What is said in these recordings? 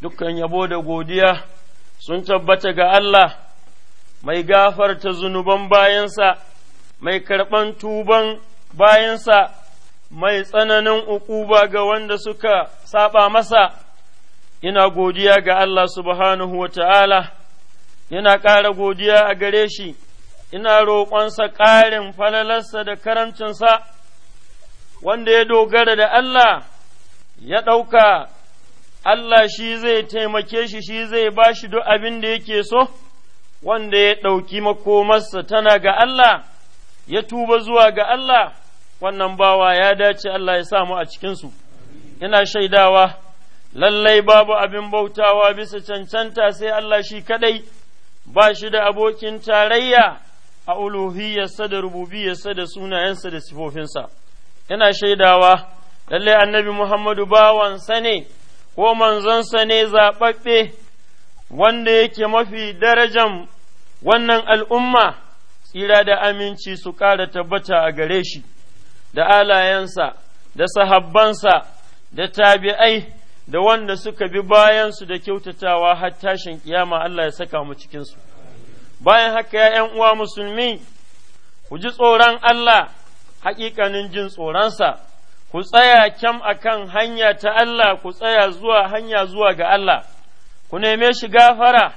dukkan yabo da godiya sun tabbata ga Allah mai gafarta zunuban bayansa, mai karɓan tuban bayansa, mai tsananin uquba ga wanda suka saɓa masa, ina godiya ga Allah subhanahu wa ta'ala, ina ƙara godiya a gare shi, ina roƙonsa ƙarin falalarsa da karancinsa wanda ya dogara da Allah ya ɗauka Allah shi zai taimake shi shi zai ba shi duk abin da yake so, wanda ya ɗauki makomarsa tana ga Allah, ya tuba zuwa ga Allah, wannan bawa ya dace Allah ya samu a cikinsu. Ina shaidawa, lallai babu abin bautawa bisa cancanta sai Allah shi kaɗai, ba shi da abokin tarayya a uluhiyarsa da rububiyarsa da sunayensa da sifofinsa. Ina shaidawa, lallai annabi Muhammadu bawansa ne. ko manzonsa ne zaɓaɓɓe wanda yake mafi darajan wannan al'umma tsira da aminci su ƙara tabbata a gare shi, da alayensa, da sahabbansa, da tabi'ai, da wanda suka bi bayansu da kyautatawa har tashin kiyama Allah ya saka mu cikinsu. Bayan haka ya uwa musulmi, ku ji tsoron Allah, haƙiƙanin jin tsoronsa. ku tsaya kyam akan hanya ta Allah ku tsaya zuwa hanya zuwa ga Allah ku neme shi gafara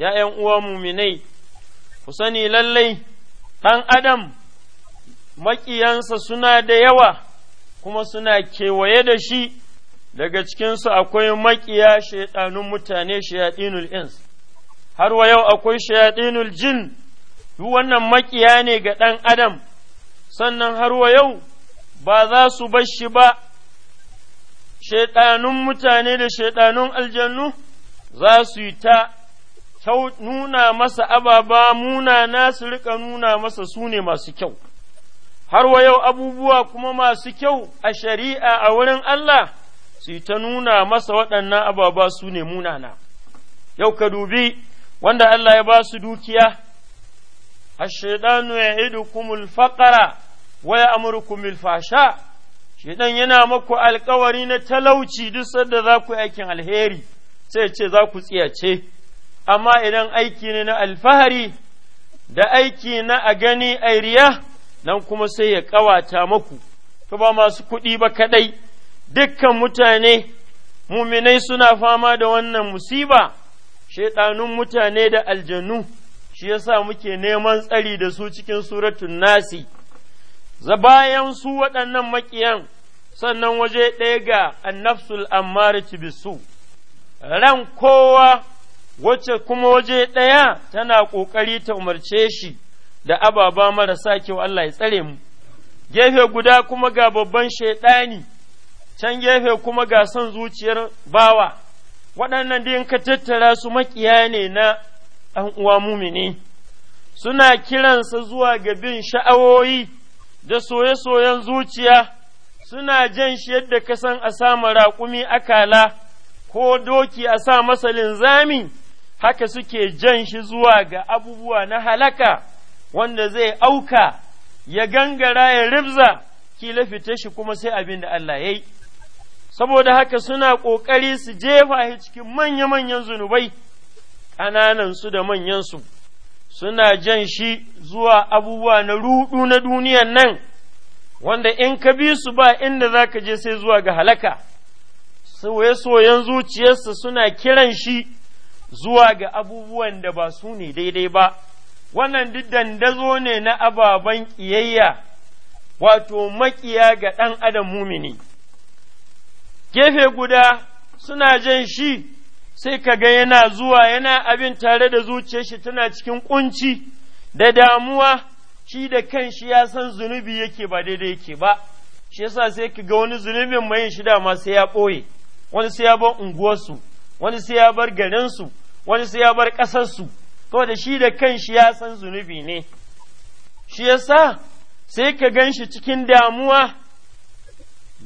Ya'yan uwa muminai ku sani lallai ɗan adam maƙiyansa suna da yawa kuma suna kewaye da shi daga cikinsu akwai maƙiya shaiɗanun mutane shayaɗinul ins har wa yau akwai shayaɗinul jin duk wannan maƙiya ne ga ɗan adam sannan har wa yau ba za su bar shi ba, shaiɗanun mutane da shaiɗanun aljannu za su yi ta nuna masa ababa munana su riƙa nuna masa su ne masu kyau, har wa yau abubuwa kuma masu kyau a shari'a a wurin Allah su yi ta nuna masa waɗannan ababa su ne munana. Yau ka dubi wanda Allah ya ba su dukiya, ya idu kumul faƙara. waya amurkum bil fasha shedan yana maku alkawari na talauci duk sanda za ku aikin alheri sai ce za ku tsiyace amma idan aiki ne na alfahari da aiki na a gani ayriya nan kuma sai ya kawata maku to ba masu kuɗi ba kaɗai dukkan mutane muminai suna fama da wannan musiba shaiɗanun mutane da aljanu shi yasa muke neman tsari da su cikin suratun nasi za bayan su waɗannan maƙiyan sannan waje ɗaya ga annafsul ci bisu ran kowa wacce kuma waje ɗaya tana ƙoƙari ta umarce shi da ababa marasa kyau Allah ya tsare mu gefe guda kuma ga babban shaiɗani can gefe kuma ga son zuciyar bawa waɗannan da ka tattara su maƙiya ne na ɗan uwa mumini suna kiransa zuwa ga bin sha'awoyi da soye-soyen zuciya suna jan shi yadda ka san a sama raƙumi akala ko doki a sa masa linzami haka suke jan shi zuwa ga abubuwa na halaka wanda zai auka ya gangara ya ribza kila fita shi kuma sai abin da Allah ya yi saboda haka suna ƙoƙari su jefa shi cikin manya-manyan zunubai su da manyansu. su suna jan shi zuwa abubuwa na ruɗu na duniyan nan wanda in ka bi su ba inda za ka je sai zuwa ga halaka soye-soyen zuciyarsa suna kiran shi zuwa ga abubuwan da ba su ne daidai ba wannan duk dandazo ne na ababen ƙiyayya wato maƙiya ga ɗan adam mumini gefe guda suna jan shi sai ka ga yana zuwa yana abin tare da zuciyar shi tana cikin kunci da damuwa shi da kanshi ya san zunubi yake ba daidai yake ba shi yasa sai ka ga wani zunubin mai shi dama sai ya ɓoye wani sai ya bar unguwarsu wani sai ya bar garinsu wani sai ya bar ƙasarsu kawai da shi da kanshi ya san zunubi ne shi yasa sai ka gan shi cikin damuwa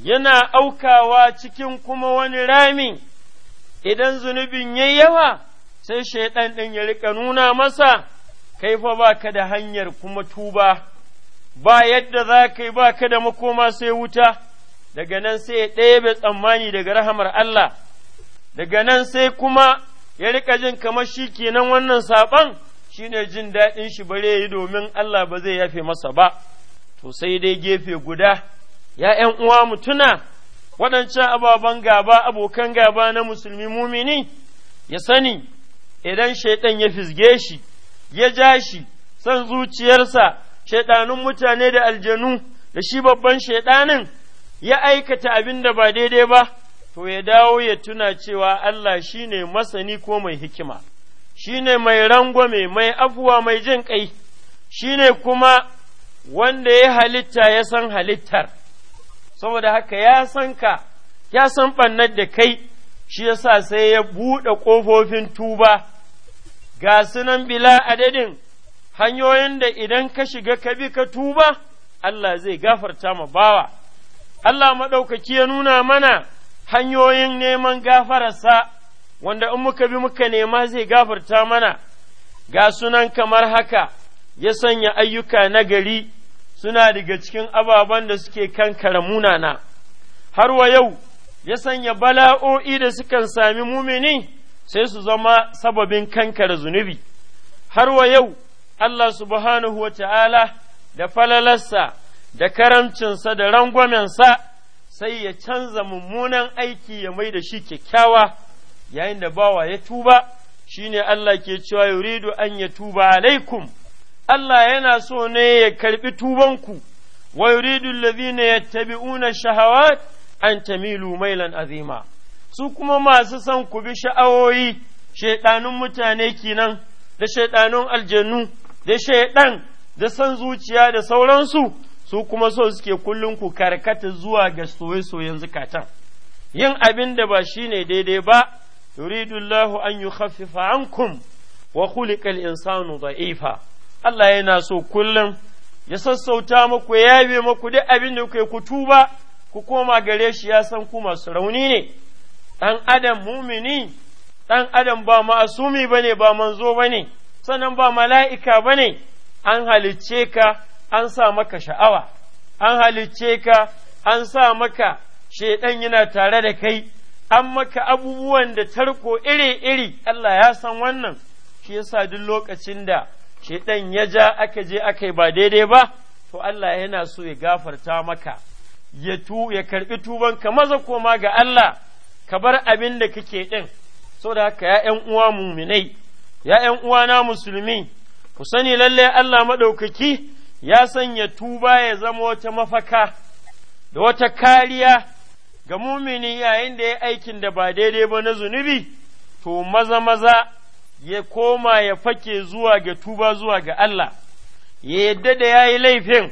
yana aukawa cikin kuma wani ramin idan zunubin ya yawa sai shaiɗan ɗin ya riƙa nuna masa, kai fa ba ka da hanyar kuma tuba, ba yadda za ka yi ba ka da makoma sai wuta, daga nan sai ya ɗebe tsammani daga rahamar Allah, daga nan sai kuma ya riƙa jin kamar shi kenan wannan saɓon shi ne jin daɗin shi bare yi domin Allah ba zai yafe masa ba, to sai dai gefe guda, ya ’yan uwa mu tuna. waɗancan ababen gaba abokan gaba na musulmi mumini ya sani idan shaiɗan ya fisge shi ya ja shi son zuciyarsa shaiɗanun mutane da aljanu da shi babban shaiɗanin ya aikata abin da ba daidai ba to ya dawo ya tuna cewa Allah shi ne masani ko mai hikima shi ne mai rangwame mai afuwa mai jin ƙai shi ne kuma wanda ya halitta ya san halittar saboda haka ya san ka ya san ɓannar da kai shi ya sa sai ya buɗe ƙofofin tuba ga sunan bila adadin hanyoyin da idan ka shiga ka bi ka tuba Allah zai gafarta ma bawa Allah maɗaukaki ya nuna mana hanyoyin neman gafararsa wanda in muka bi muka nema zai gafarta mana ga sunan kamar haka ya sanya ayyuka na gari suna daga cikin ababen da suke kankara munana, har wa yau ya sanya bala'o'i da sukan sami mumini sai su zama sababin kankara zunubi, har wa yau Allah subhanahu wa ta'ala da falalarsa da karamcinsa da rangwamensa sai ya canza mummunan aiki ya mai da shi kyakkyawa yayin da bawa ya tuba, shine Allah ke cewa yuridu an ya tuba alaikum. Allah yana so ne ya karɓi tubanku, wa yuridu allazina yattabi'una shahawat an tamilu mailan azima. Su kuma masu san ku bi sha'awoyi, shaiɗanun mutane kenan, da shaiɗanun aljannu, da shaiɗan, da san zuciya da sauransu, su kuma so suke kullum ku karkata zuwa ga soye-soyen zukatan. Yin abin da ba shi ne daidai ba, yuridu Allahu an yi ankum wa khuliqal insanu da'ifa. Allah yana so kullum ya sassauta muku ya yabe muku duk abin da kuke ku tuba ku koma gare shi ya san ku masu rauni ne ɗan adam mumini ɗan adam ba ma'asumi bane ba manzo bane ne sannan ba mala'ika bane an halicce ka an sa maka sha'awa an halicce ka an sa maka shaiɗan yana tare da kai an maka abubuwan da tarko iri-iri Allah ya san wannan shi yasa duk lokacin da ɗan ya ja aka je aka yi ba daidai ba to Allah yana so ya gafarta maka ya tu ya karbi tubanka maza koma ga Allah ka bar abin da kake din saboda haka ya ƴan uwa muminai ya yan uwa na musulmi ku sani lalle Allah maɗaukaki ya sanya tuba ya zama wata mafaka da wata kariya ga mumini yayin da ya aikin da ba daidai ba na zunubi to maza maza ya koma ya fake zuwa ga tuba zuwa ga Allah, ya yadda da ya yi laifin,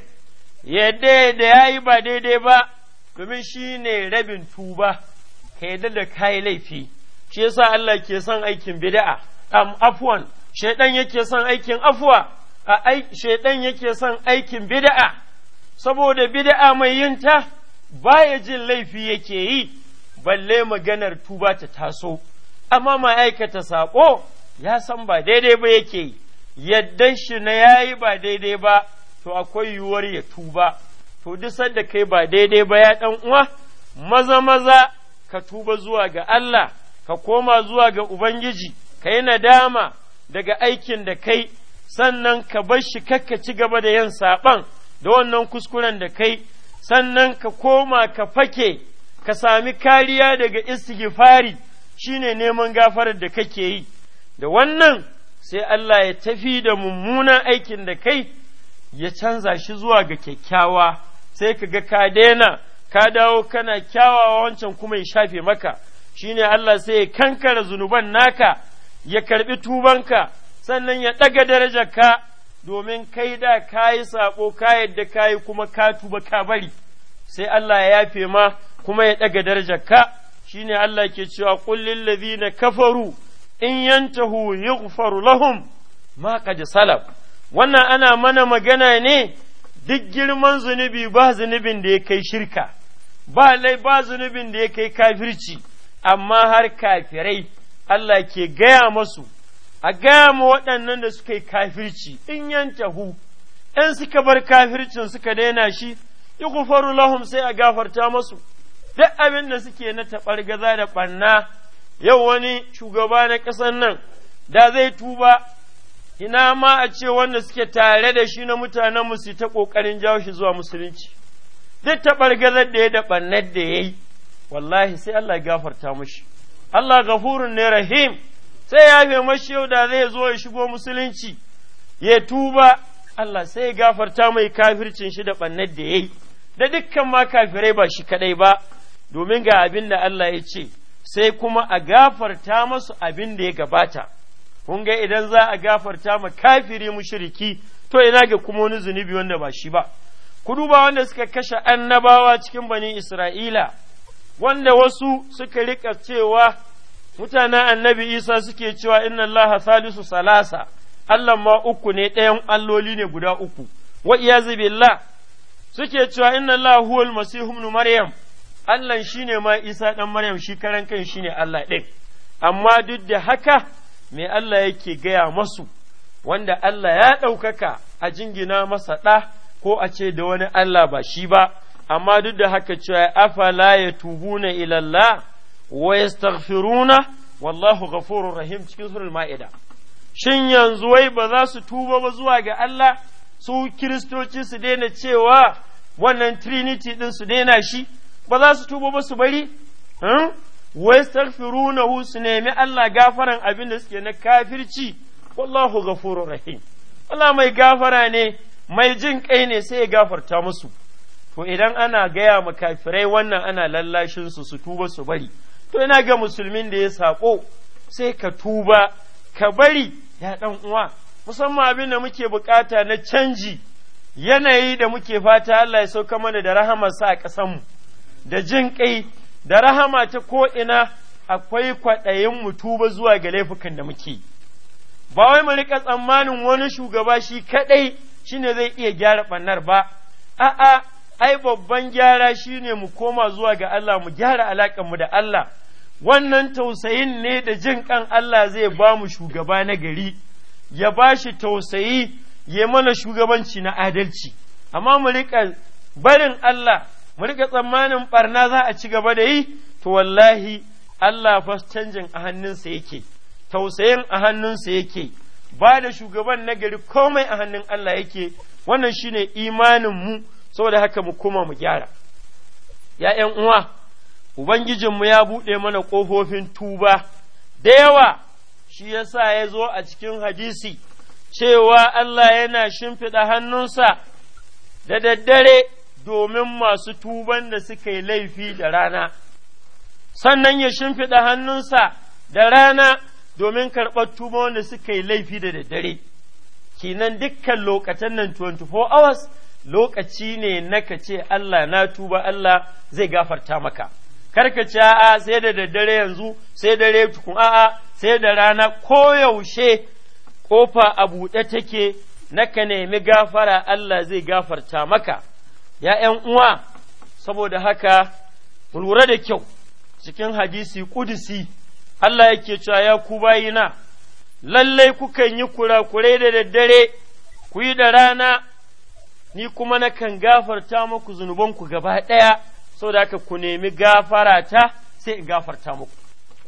ya yadda da ya yi ba daidai ba, domin shi ne rabin tuba, ka yadda da ka yi laifi, shi yasa Allah ke son aikin bida'a, am afuwan, shaidan yake son aikin afuwa a shaidan yake son aikin bida'a, saboda bida'a mai yinta baya jin laifi yake yi, balle maganar tuba ta taso, amma ma'aikata saƙo. ya san ba daidai ba yake yi yaddan shi na yi ba daidai ba to akwai yiwuwar ya tuba to duk sanda kai ba daidai ba ya ɗan uwa maza maza ka tuba zuwa ga Allah ka koma zuwa ga ubangiji ka yi nadama daga aikin da kai sannan ka bar shi kakka ci gaba da yin saɓan da wannan kuskuren da kai sannan ka koma ka fake ka sami kariya daga istighfari shine neman gafarar da kake yi da wannan sai Allah ya tafi da mummunan aikin da kai ya canza shi zuwa ga kyakkyawa sai ka ga ka daina ka dawo kana kyawawa wancan kuma ya shafe maka shine Allah sai ya kankara zunuban naka ya karbi tubanka sannan ya ɗaga ka, domin kai da ka yi saɓo ka yadda ka yi kuma ka tuba ka bari sai Allah ya yafe ma kuma ya ɗaga darajar darajarka shine Allah ke cewa kullin na kafaru in yantahu yughfaru lahum ma qad salaf wannan ana mana magana ne duk girman zunubi ba zunubin da ya kai shirka ba lai ba zunubin da ya kai kafirci amma har kafirai Allah ke gaya masu a gaya ma waɗannan da suka yi kafirci in yantahu in suka bar kafircin suka daina shi yi lahum sai a gafarta masu duk abin da suke na gaza da ɓanna yau wani shugaba na ƙasar nan da zai tuba ina ma a ce wanda suke tare da shi na mutanen musu ta ƙoƙarin jawo shi zuwa musulunci duk ta ɓargazar da ya da ɓannar da ya yi wallahi sai Allah gafarta mashi Allah gafurun ne rahim sai ya fi mashi yau da zai zo ya shigo musulunci ya tuba Allah sai ya gafarta mai kafircin shi da ɓannar da ya yi da dukkan ma kafirai ba shi kaɗai ba domin ga abin da Allah ya ce sai kuma a gafarta masu abin da ya gabata kun ga idan za a gafarta ma kafiri shiriki to ina ga kuma wani zunubi wanda ba shi ba ku duba wanda suka kashe annabawa cikin bani isra'ila wanda wasu suka rika cewa mutanen annabi isa suke cewa inna allaha salisu salasa allah ma uku ne ɗayan alloli ne guda uku wa iyazu suke cewa inna allaha huwal masihu maryam Allah shi ne ma Isa ɗan Maryam shi karan kan shi ne Allah ɗin, amma duk da haka me Allah yake gaya masu, wanda Allah ya ɗaukaka a jingina masa ɗa ko a ce da wani Allah ba shi ba, amma duk da haka cewa afala ya tubuna ilallah wa yastaghfiruna wallahu ghafurur rahim cikin surul ma'ida. Shin yanzu wai ba za su tuba ba zuwa ga Allah su kiristoci su daina cewa wannan Trinity ɗin su daina shi? ba za su tuba ba su bari hmm? wai wa hu su nemi Allah gafaran abin da suke na kafirci wallahu gafuru rahim Allah mai gafara ne mai jin kai ne sai ya gafarta musu to idan ana gaya ma kafirai wannan ana lallashin su su tuba su bari to ina ga musulmin da ya sako sai ka tuba ka bari ya dan uwa musamman abin da muke bukata na canji yanayi da muke fata Allah ya sauka mana da rahamarsa a ƙasanmu. mu da jin ƙai da rahama ta ko'ina akwai kwaɗayin mutuba ba zuwa ga laifukan da muke ba wai mu riƙa tsammanin wani shugaba shi kaɗai shine zai iya gyara ɓannar ba a'a ai babban gyara shine mu koma zuwa ga Allah mu gyara alaƙar mu da Allah wannan tausayin ne da jin kan Allah zai ba mu shugaba na gari ya ba shi tausayi ya mana shugabanci na adalci amma mu riƙa barin Allah mu riga tsammanin barna za a ci gaba da yi to wallahi Allah fa canjin a hannunsa yake tausayin a hannunsa yake ba da shugaban nagari komai a hannun Allah yake wannan shine imanin mu saboda haka mu kuma mu gyara ya ’yan uwa ubangijinmu ya buɗe mana ƙofofin tuba da yawa shi yasa ya zo a cikin hadisi cewa Allah yana shimfiɗa hannunsa da daddare domin masu tuban da suka yi laifi da rana, sannan ya shimfiɗa hannunsa da rana domin karɓar tuba wanda suka yi laifi da daddare. Kinan dukkan lokacin nan 24 hours lokaci ne na ka ce Allah na tuba Allah zai gafarta maka. Karka ce a'a sai da daddare yanzu, sai dare tukun a'a sai da rana koyaushe ƙofa a buɗe take, naka nemi gafara Allah zai gafarta maka. ya ’yan uwa, saboda haka, lura da kyau cikin hadisi ƙudisi, Allah yake cewa ya ku bayina, lallai kukan yi kurakurai da daddare, ku yi da rana, ni kuma nakan gafarta muku zunubanku gaba ɗaya, saboda haka ku nemi gafarata sai in gafarta muku,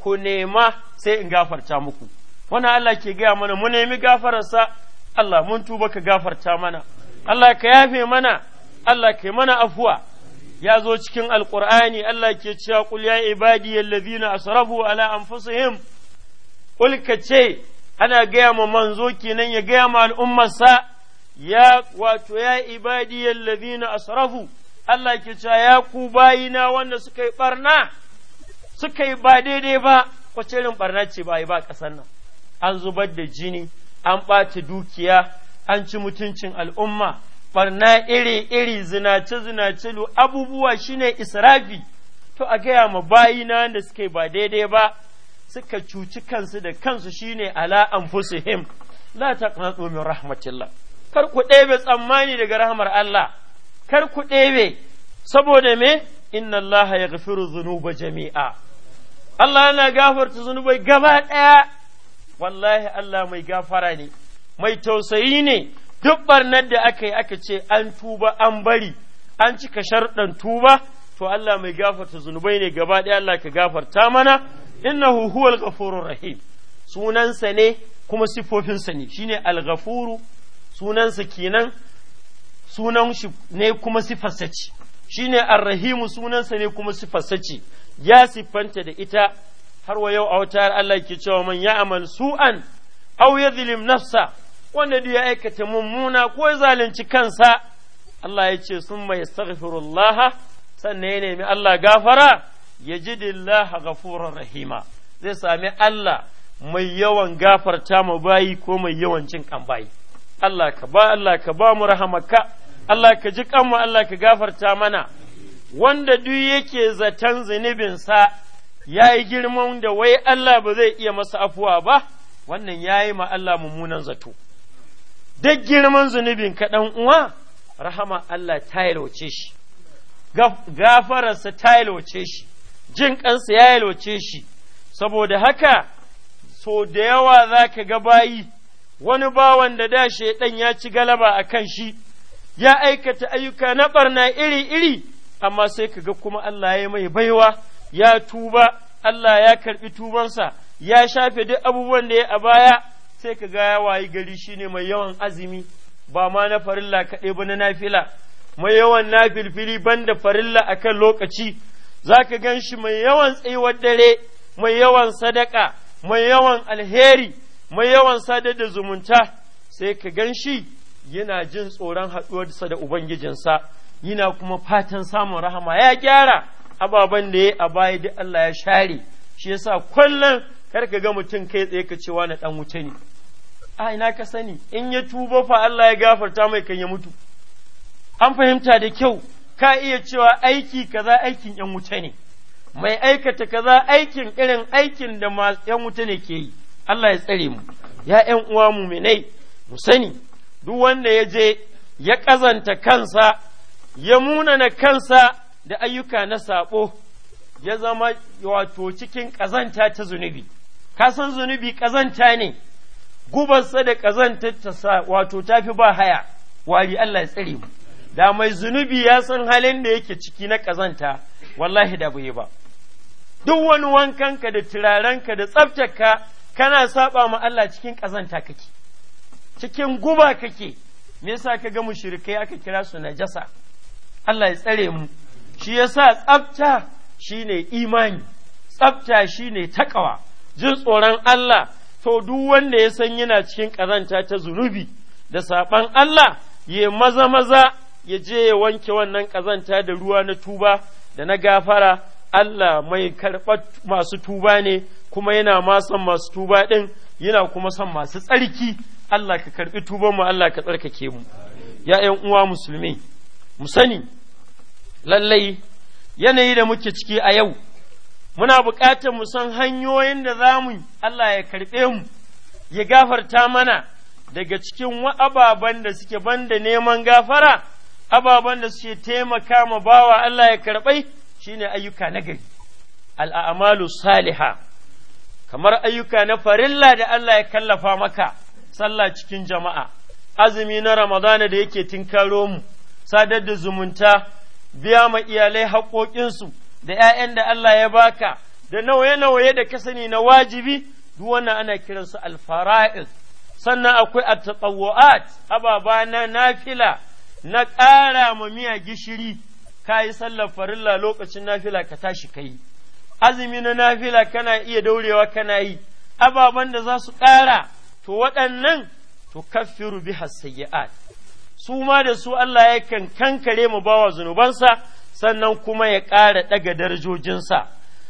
ku nema sai in gafarta muku. wani Allah ke gaya mana, mu nemi gafararsa, Allah mun tuba ka gafarta mana, Allah ka yafe mana. Allah kai mana afuwa ya zo cikin alkur'ani Allah ke cewa qul ya ibadi allazina asrafu ala anfusihim qul ce ana gaya ma manzo kenan ya gaya ma al'ummarsa ya wato ya ibadi allazina asrafu Allah ke cewa ya ku bayina wanda suka yi barna suka yi ba daidai ba kwace irin barna ce ba yi ba kasan nan an zubar da jini an ɓata dukiya an ci mutuncin al'umma barna iri-iri zinace-zinace abubuwa shine israfi to a gaya ma bayina wanda suke ba daidai ba suka cuci kansu da kansu shine ala anfusihim la taqnatu min rahmatillah kar ku ɗebe tsammani daga rahmar Allah kar ku ɗebe saboda me inna Allah ya gafiru zunuba jami'a Allah yana gafarta zunubai gaba ɗaya wallahi Allah mai gafara ne mai tausayi ne duk barnar da aka yi aka ce an tuba an bari an cika sharɗan tuba to Allah mai gafarta zunubai ne gaba ɗaya Allah ka gafarta mana innahu huwal ghafurur rahim sunansa ne kuma sifofinsa ne shine al-ghafuru sunansa kenan sunan shi ne kuma sifarsa ce shine ar-rahimu sunansa ne kuma sifarsa ce ya siffanta da ita har wa yau a wata Allah ke cewa man ya'mal su'an aw yadhlim nafsa wanda duk ya aikata mummuna ko ya zalunci kansa Allah ya ce sun mai astaghfirullah sannan ya nemi Allah gafara ya ji dillaha rahima zai sami Allah mai yawan gafarta ma bayi ko mai yawan cin kan bayi Allah ka ba Allah ka ba mu rahamaka Allah ka ji kanmu Allah ka gafarta mana wanda duk yake zaton zunubin sa yayi girman da wai Allah ba zai iya masa afuwa ba, wannan yayi ma Allah mummunan zato. duk girman zunubin kaɗan uwa rahama Allah ta yalwace shi gafararsa ta yalwace shi jin ƙansa ya yalwace shi saboda haka so da yawa za ka ga bayi wani bawan da da shaidan ya ci galaba a kan shi ya aikata ayyuka na barna iri-iri amma sai ka ga kuma Allah ya mai baiwa ya tuba Allah ya karɓi tubansa ya shafe duk abubuwan da ya a baya sai ka ga ya wayi gari shine mai yawan azumi ba ma na farilla kaɗai ba na nafila mai yawan nafilfili banda farilla a kan lokaci za ka gan shi mai yawan tsayuwar dare mai yawan sadaka mai yawan alheri mai yawan sadar da zumunta sai ka gan shi yana jin tsoron haɗuwarsa da ubangijinsa yana kuma fatan samun rahama ya gyara ababen da ya a baya duk Allah ya share shi yasa kullum kar ka ga mutum kai tsaye ka cewa na ɗan wuce ne a ina ka sani in ya tuba fa Allah ya gafarta mai kan ya mutu an fahimta da kyau ka iya cewa aiki kaza aikin ‘yan wuta ne, mai aikata kaza aikin irin aikin da ‘yan wuta ne ke yi, Allah ya tsare mu, ya ‘yan uwa mu menai, mu sani, duk wanda ya je ya ƙazanta kansa, ya munana kansa da ayyuka na saɓo, ya zama wato cikin ƙazanta ta zunubi, ka san zunubi ƙazanta ne, gubarsa da ƙazantarsa wato tafi ba haya wari Allah ya tsare mu da mai zunubi ya san halin da yake ciki na ƙazanta wallahi da bai ba duk wani wankanka da turarenka da ka kana saba ma Allah cikin ƙazanta kake cikin guba kake me yasa ka ga mushrikai aka kira su najasa Allah ya tsare mu shi yasa tsafta shine imani tsafta shine takawa jin tsoron Allah to duk wanda ya san yana cikin ƙazanta ta zunubi da saɓan Allah ya maza maza ya je ya wanke wannan ƙazanta da ruwa na tuba da na gafara Allah mai karɓar masu tuba ne kuma yana ma son masu tuba ɗin yana kuma son masu tsarki Allah ka karɓi tubanmu Allah ka tsarkake mu ya ‘yan uwa musulmi mu sani lallai yanayi da muke ciki a yau muna buƙatar mu san hanyoyin da za mu Allah ya karɓe mu ya gafarta mana daga cikin ababen da suke banda neman gafara ababen da suke taimaka ma bawa Allah ya karɓai shine ayyuka na gari al'amalu saliha kamar ayyuka na farilla da Allah ya kallafa maka sallah cikin jama'a azumi na ramadana da yake tinkaro mu sadar da zumunta biya ma iyalai haƙoƙinsu da ‘ya'yan da Allah ya baka, da nauye-nauye da ka sani na wajibi, duk wannan ana kiransu alfara'il Sannan akwai at ababa na nafila, na ƙara ma miya gishiri, ka yi sallar farilla lokacin nafila ka tashi ka yi. Azumi na nafila kana iya daurewa kana yi, ababan da za su ƙara, to waɗannan to kaffiru bi hasayi'at. su ma da su Allah yakan kankare mu bawa zunubansa sannan kuma ya ƙara ɗaga darajojinsa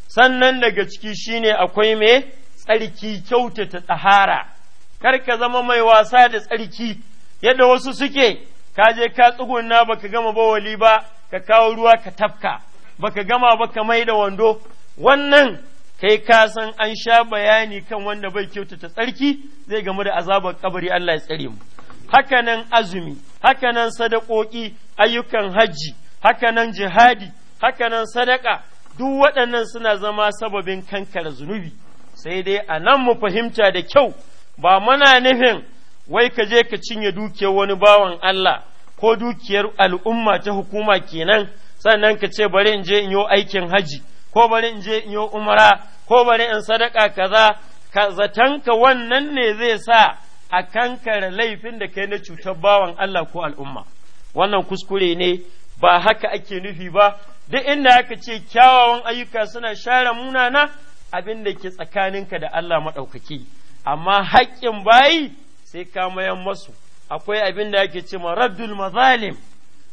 sannan daga ciki shine akwai mai tsarki kyautata tsahara kar ka zama mai wasa da tsarki yadda wasu suke ka je ka tsugunna ka gama bawali ba ka kawo ruwa ka tafka ba ka gama ba ka mai da wando wannan kai ka san an sha bayani kan wanda bai kyautata tsarki zai gamu da azabar kabari Allah ya tsare mu hakanan azumi hakanan sadakoki ayyukan hajji hakanan jihadi hakanan sadaka duk waɗannan suna zama sababin kankara zunubi sai dai a nan mu fahimta da kyau ba mana nufin wai ka je ka cinye dukiyar wani bawan Allah ko dukiyar al'umma ta hukuma kenan sannan ka ce bari in je in yi aikin haji ko bari in je in yi umara ko bari in sadaka kaza ka zatanka wannan ne zai sa a kankare laifin da kai na cutar bawan Allah ko al'umma wannan kuskure ne ba haka ake nufi ba duk inda aka ce kyawawan ayyuka suna share munana abin da ke tsakaninka da Allah maɗaukaki amma haƙƙin bayi sai ka mayan masu akwai abin da ake ce raddul mazalim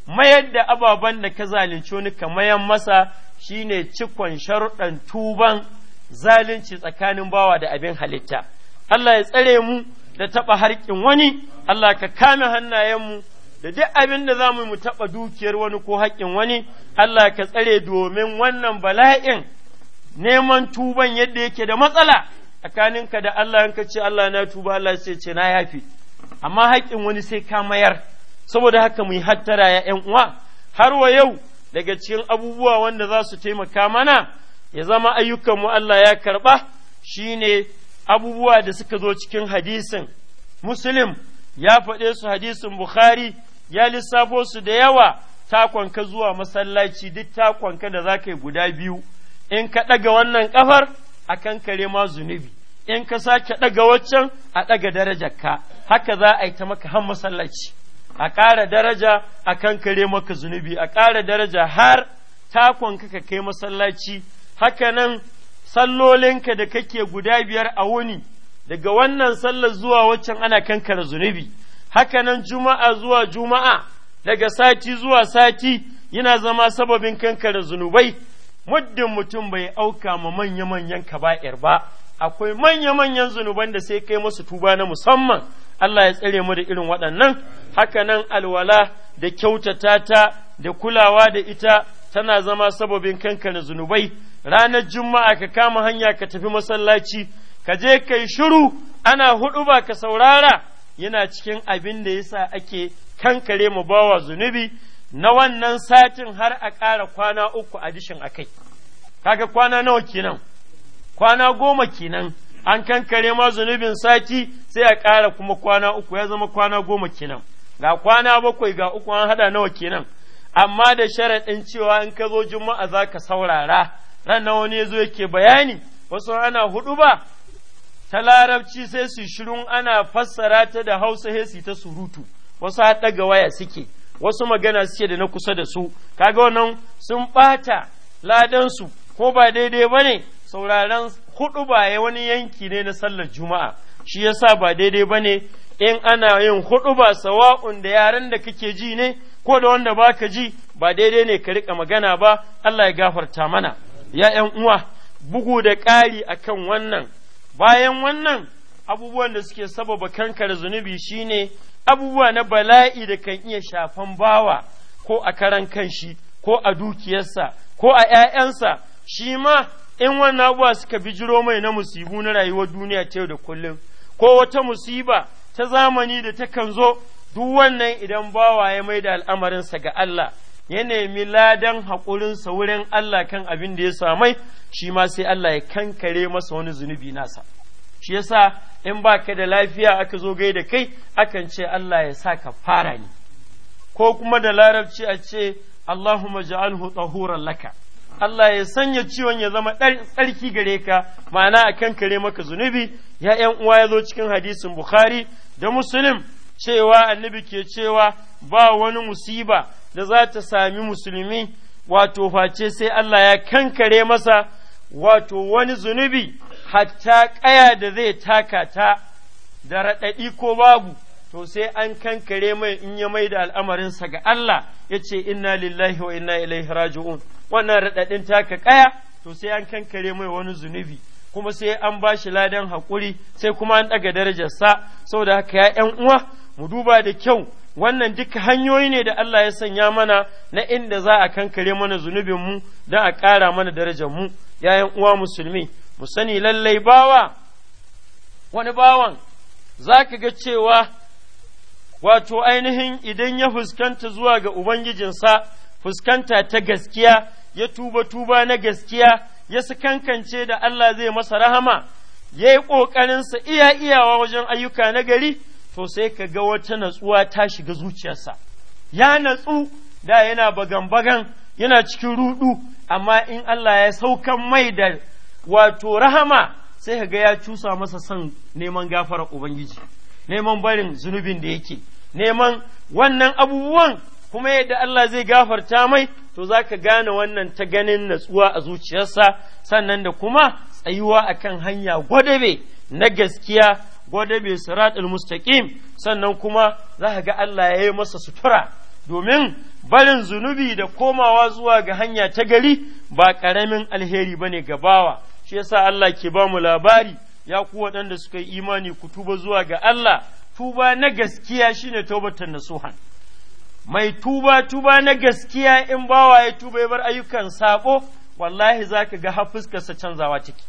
mayar da ababen da ka zalunci wani ka mayan masa ne cikon sharuɗan tuban zalunci tsakanin bawa da abin halitta Allah ya tsare mu da taɓa harkin wani Allah ka kame hannayenmu da duk abin da za mu taɓa dukiyar wani ko haƙƙin wani, Allah ka tsare domin wannan bala'in neman tuban yadda yake da matsala tsakaninka da Allah in ka ce Allah na tuba Allah sai ce na yafi, amma haƙƙin wani sai ka mayar, saboda haka mu yi hattara ya ‘yan uwa, har wa yau daga cikin abubuwa wanda za su taimaka mana ya zama ayyukanmu Allah ya karɓa shine abubuwa da suka zo cikin hadisin Muslim ya faɗe su hadisin Bukhari ya lissafo su da yawa takonka zuwa masallaci duk takonka da za ka yi guda biyu in ka ɗaga wannan ƙafar a kan ma zunubi in ka sake ɗaga waccan a ɗaga ka haka za a yi ta maka har masallaci a ƙara daraja a kan kare maka zunubi a ƙara daraja har takonka ka kai masallaci haka nan sallolinka da kake guda biyar a wuni daga wannan sallar zuwa waccan ana kankare zunubi haka nan juma'a zuwa juma'a daga sati zuwa sati yana zama sababin kankare zunubai muddin mutum bai auka ma manya-manyan kaba'ir ba akwai manya-manyan zunuban da sai kai musu tuba na musamman Allah ya tsare mu da irin waɗannan hakanan alwala da kyautata ta da kulawa da ita tana zama sababin kankare zunubai ranar juma'a ka kama hanya ka tafi masallaci ka je kai shiru ana hudu ba ka saurara yana cikin abin da yasa ake kankare mu bawa zunubi na wannan satin har a ƙara kwana uku a dishin akai kaga kwana nawa kenan kwana goma kenan an kankare ma zunubin sati sai a ƙara kuma kwana uku ya zama kwana goma kenan ga kwana bakwai ga uku an hada nawa kenan amma da sharaɗin cewa in ka zo juma'a za ka saurara ran na wani ya zo yake bayani wasu ana hudu ba ta larabci sai su shirun ana fassara ta da hausa sai ta surutu wasu haɗa waya suke wasu magana suke da na kusa da su kaga wannan sun ɓata su ko ba daidai ba ne sauraron hudu ba wani yanki ne na sallar juma'a shi yasa ba daidai ba ne in ana yin hudu ba sawa'un da yaren da kake ji ne ko da wanda baka ji ba daidai ne ka riƙa magana ba Allah ya gafarta mana ya ƴan uwa bugu da ƙari akan wannan bayan wannan abubuwan da suke sababa kankare zunubi shine abubuwa na bala'i da kan iya shafan bawa ko a karan kanshi ko a dukiyarsa ko a ‘ya'yansa shi ma in wannan abuwa suka jiro mai na musibu na rayuwar duniya ta yau da kullum ko wata musiba ta zamani da takan zo duk wannan idan bawa ya mai da al'amarinsa ga Allah ya nemi ladan haƙurinsa wurin Allah kan abin da ya samai shi ma sai Allah ya kankare masa wani zunubi nasa shi yasa in ba ka da lafiya aka zo gai da kai akan ce Allah ya sa ka fara ni ko kuma da larabci a ce Allahumma ja'alhu tahuran laka Allah ya sanya ciwon ya zama tsarki gare ka ma'ana a kankare maka zunubi ya ‘yan uwa ya zo cikin hadisin Bukhari da Muslim cewa annabi ke cewa ba wani musiba da za ta sami musulmi wato face sai Allah ya kankare masa wato wani zunubi hatta ƙaya da zai taka ta da raɗaɗi ko babu to sai an kankare mai in ya mai da al'amarinsa ga Allah ya ce inna lillahi wa inna ilaihi raji'un wannan raɗaɗin taka ƙaya to sai an kankare mai wani zunubi kuma sai an ba shi ladan haƙuri sai kuma an ɗaga darajarsa saboda haka ya ‘yan uwa mu duba da kyau wannan duka hanyoyi ne da Allah ya sanya mana na inda za a kankare mana zunubinmu don a ƙara mana darajarmu yayan uwa musulmi mu sani lallai bawa wani bawan za ka ga cewa wato ainihin idan ya fuskanta zuwa ga Ubangijinsa fuskanta ta gaskiya ya tuba tuba na gaskiya ya su kankance da Allah zai masa rahama ya yi ƙoƙarinsa iya iyawa wajen ayyuka na gari to sai ka ga wata natsuwa ta shiga zuciyarsa ya natsu da yana bagan-bagan yana cikin rudu amma in Allah ya saukan mai da wato rahama sai ka ga ya cusa masa son neman gafara ubangiji neman barin zunubin da yake neman wannan abubuwan kuma yadda Allah zai gafarta mai to za ka gane wannan ta ganin natsuwa a zuciyarsa sannan da kuma tsayuwa akan hanya gwadabe na gaskiya gode bi siratul mustaqim sannan kuma za ka ga Allah ya yi masa sutura domin barin zunubi da komawa zuwa ga hanya ta gari ba ƙaramin alheri bane ga bawa shi yasa Allah ke ba mu labari ya ku waɗanda suka yi imani ku tuba zuwa ga Allah tuba na gaskiya shine taubatan nasuhan mai tuba tuba na gaskiya in bawa ya tuba ya bar ayyukan sabo wallahi zaka ga hafiskarsa canzawa ciki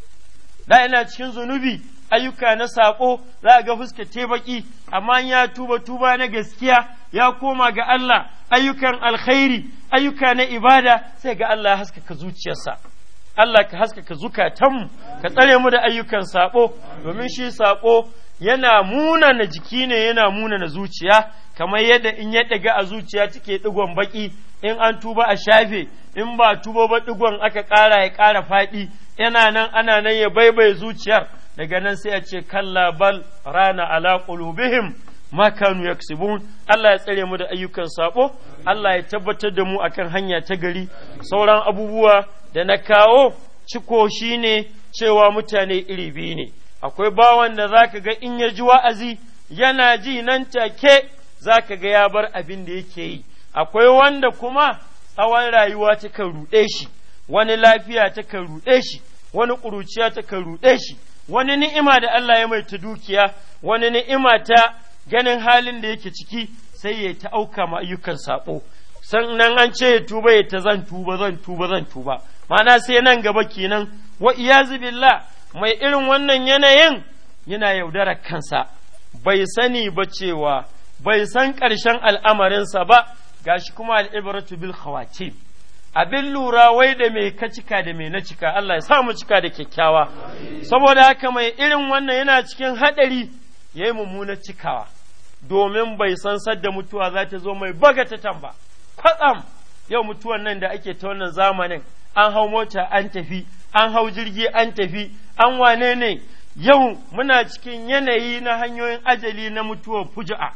da ina cikin zunubi ayyuka na saƙo za ga fuska te baki amma ya tuba tuba na gaskiya ya koma ga Allah ayyukan alkhairi ayyuka na ibada sai ga Allah haskaka zuciyarsa Allah ka haskaka zukatanmu ka tsare mu da ayyukan saƙo domin shi saƙo yana muna na jiki ne yana muna na zuciya kamar yadda in ya ɗaga a zuciya take ɗigon baƙi in an tuba a shafe in ba tuba ba ɗigon aka ƙara ya ƙara faɗi yana nan ana nan ya baibaye zuciyar daga nan sai a ce kalla bal rana ala qulubihim ma kanu yaksubun Allah ya tsare mu da ayyukan sabo Allah ya tabbatar da mu akan hanya ta gari sauran abubuwa da na kawo ciko shine cewa mutane iri biyu ne akwai bawan da zaka ga in ya ji wa'azi yana ji nan take zaka ga ya bar abin da yake yi akwai wanda kuma tsawon rayuwa ta kan ruɗe shi wani lafiya ta kan ruɗe shi wani ƙuruciya kan ruɗe shi wani ni'ima da Allah ya mai ta dukiya wani ni'ima ta ganin halin da yake ciki sai ya ta auka ma ayyukan saɓo sannan an ce ya tuba ya ta zan tuba zan tuba zan tuba Mana sai nan gaba kenan wa iyazu billah mai irin wannan yanayin yana yaudarar kansa bai sani ba cewa bai san ƙarshen al'amarinsa ba gashi kuma al'ibratu bil khawatim abin lura wai da mai ka cika da mai na cika Allah ya samu cika da kyakkyawa saboda haka mai irin wannan yana cikin haɗari ya yi mummunar cikawa domin bai san sadda mutuwa za ta zo mai baga ta tamba kwatsam yau mutuwan nan da ake ta wannan zamanin an hau mota an tafi an hau jirgi an tafi an wane ne yau muna cikin yanayi na hanyoyin ajali na mutuwar fuja'a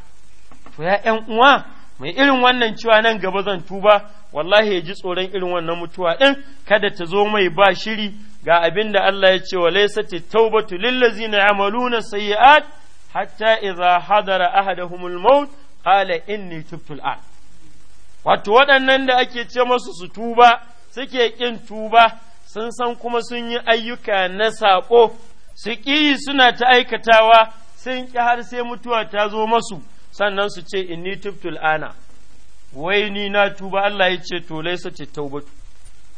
to ya uwa mai irin wannan ciwa nan gaba zan tuba wallahi ya ji tsoron irin wannan mutuwa ɗin kada ta zo mai ba shiri ga abin da Allah ya ce wa laisati taubatu lillazina yamaluna sayyi'at hatta idza hadara ahaduhumul maut qala inni tubtu al'an wato waɗannan da ake ce masu su tuba suke ƙin tuba sun san kuma sun yi ayyuka na saƙo su ƙi suna ta aikatawa sun ƙi har sai mutuwa ta zo masu sannan su ce inni tubtul ana wai ni na tuba Allah ya ce to laisa ce tauba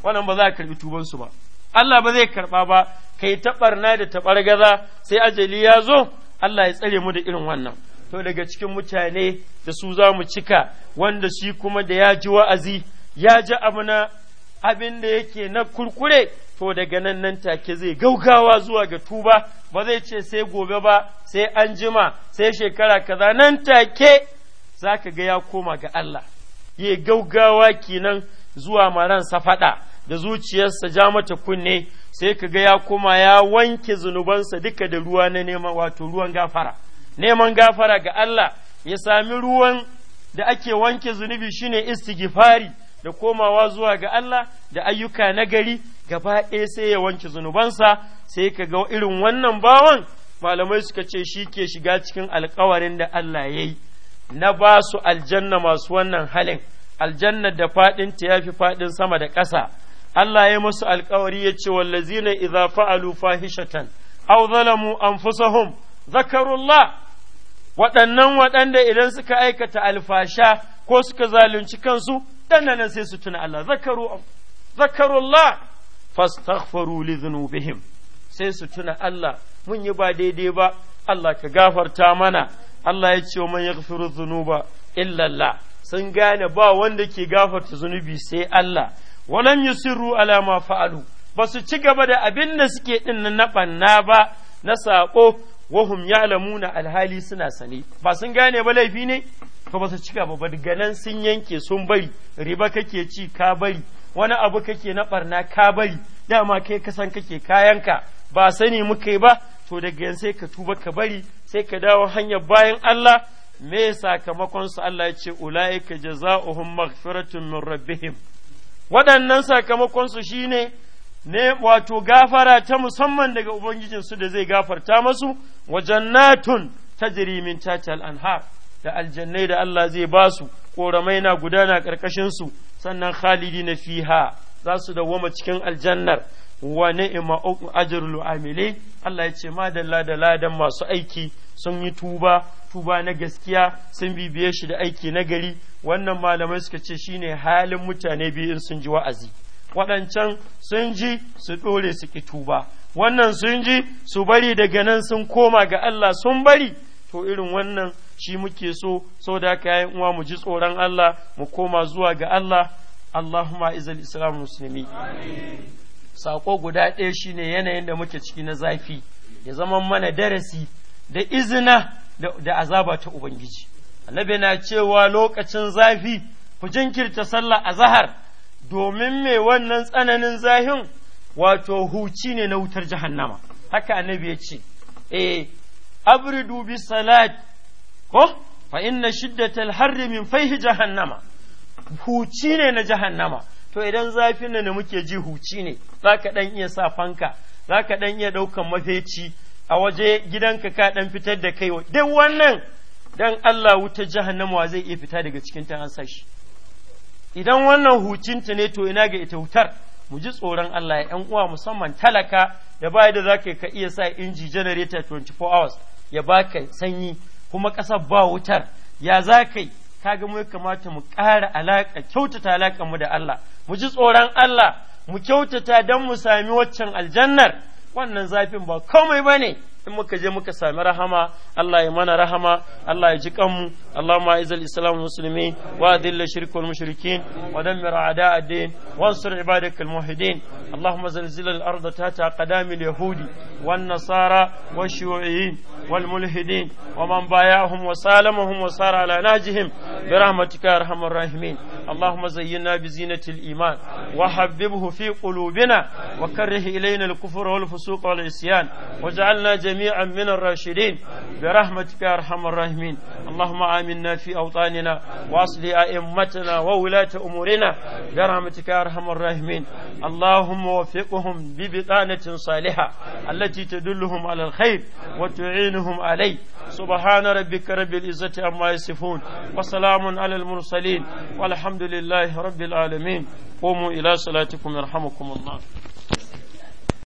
wannan ba za a karbi tuban su ba Allah ba zai karɓa ba kai na da taɓar gaza sai ajali ya zo Allah ya tsare mu da irin wannan to daga cikin mutane da su za mu cika wanda shi kuma da ya ji wa'azi ya ji abu na abin da yake na kurkure to daga nan nan take zai gaugawa zuwa ga tuba ba zai ce sai gobe ba sai an jima sai shekara kaza nan take za ka ga ya koma ga Allah ya gaugawa kenan zuwa maransa faɗa da zuciyarsa ja mata kunne sai ka ga ya koma ya wanke zunubansa duka da ruwa na neman wato ruwan gafara neman gafara ga Allah ya sami ruwan da ake wanke zunubi shine istighfari da komawa zuwa ga Allah da ayyuka na gari gaba ɗaya sai ya wanke zunubansa sai ka ga irin wannan bawan malamai suka ce shi ke shiga cikin alkawarin da Allah ya yi na ba su aljanna masu wannan halin aljanna da faɗin ta yafi faɗin sama da ƙasa Allah ya masu alkawari ya ce wallazina idza fa'alu fahishatan aw zalamu anfusahum zakarullah waɗannan waɗanda idan suka aikata alfasha ko suka zalunci kansu nan sai su tuna Allah zakaru zakarullah fastaghfiru li dhunubihim sai su tuna Allah mun yi ba daidai ba Allah ka gafarta mana Allah ya ce man yaghfiru dhunuba illa Allah sun gane ba wanda ke gafarta zunubi sai Allah walam yusirru ala ma fa'alu ba su ci gaba da abin da suke din na banna ba na saƙo wahum lamuna alhali suna sane ba sun gane ba laifi ne ka ba su cika ba daga sun yanke sun bari riba kake ci ka bari wani abu kake na barna ka bari dama kai kasan kake kayanka ba sani muka ba to daga yan sai ka tuba ka bari sai ka dawo hanyar bayan Allah me sakamakon su Allah ya ce ulaika jazaohum maghfiratun min rabbihim waɗannan sakamakon su shine ne wato gafara ta musamman daga ubangijinsu da zai gafarta masu wa jannatun tajri min tatal anhar da aljannai da Allah zai ba su ƙoramai na gudana ƙarƙashinsu sannan khalidi na fiha za su dawwama cikin aljannar wa ni'ima ajrul amili Allah ya ce madalla da ladan masu aiki sun yi tuba tuba na gaskiya sun bibiye shi da aiki na gari wannan malamai suka ce shine halin mutane biyu in sun ji wa'azi waɗancan sun ji su ɗore su ki tuba wannan sun ji su bari daga nan sun koma ga Allah sun bari to irin wannan shi muke so sau da aka yayin uwa mu ji tsoron Allah mu koma zuwa ga Allah Allahumma izal islam muslimi sako guda ɗaya shi ne yanayin da muke ciki na zafi ya zama mana darasi da izina da azaba ta ubangiji annabi na cewa lokacin zafi ku jinkirta sallah azahar domin me wannan tsananin zahin wato huci ne na wutar jahannama haka annabi ya ce eh abridu bis salat ko fa inna shiddatal harri min faihi jahannama huci ne na jahannama to idan zafin da muke ji huci ne zaka dan iya sa fanka zaka dan iya daukan mafeci a waje gidanka ka dan fitar da kai duk wannan dan Allah wuta jahannama zai iya fita daga cikin ta an sashi idan wannan hucinta ne to ina ga ita wutar mu ji tsoron Allah ya ‘yan uwa musamman talaka da bai da zaka ka iya sa inji generator 24 hours ya baka sanyi kuma ƙasar ba wutar ya za kai kaga mu kamata mu ƙara alaƙa kyautata alaƙa mu da Allah mu ji tsoron Allah mu kyautata don mu sami waccan aljannar wannan zafin ba komai ba ne in muka je muka sami rahama Allah ya mana rahama Allah ya ji kanmu Allahumma aiz al-islam muslimi wa adilla shirk wal mushrikin wa dammir a'da ad-din wansur ibadak al-muhidin Allahumma zalzil al-ard tahta aqdam al-yahudi wan nasara wash-shu'iyyin wal mulhidin wa man bayahum wa salamahum wa sara ala najihim bi rahmatika arhamar rahimin اللهم زينا بزينة الإيمان وحببه في قلوبنا وكره إلينا الكفر والفسوق والعصيان واجعلنا جميعا من الراشدين برحمتك يا أرحم الراحمين اللهم آمنا في أوطاننا وأصل أئمتنا وولاة أمورنا برحمتك يا أرحم الراحمين اللهم وفقهم ببطانة صالحة التي تدلهم على الخير وتعينهم عليه سبحان ربك رب العزة عما يصفون وسلام على المرسلين والحمد لله رب العالمين قوموا إلى صلاتكم يرحمكم الله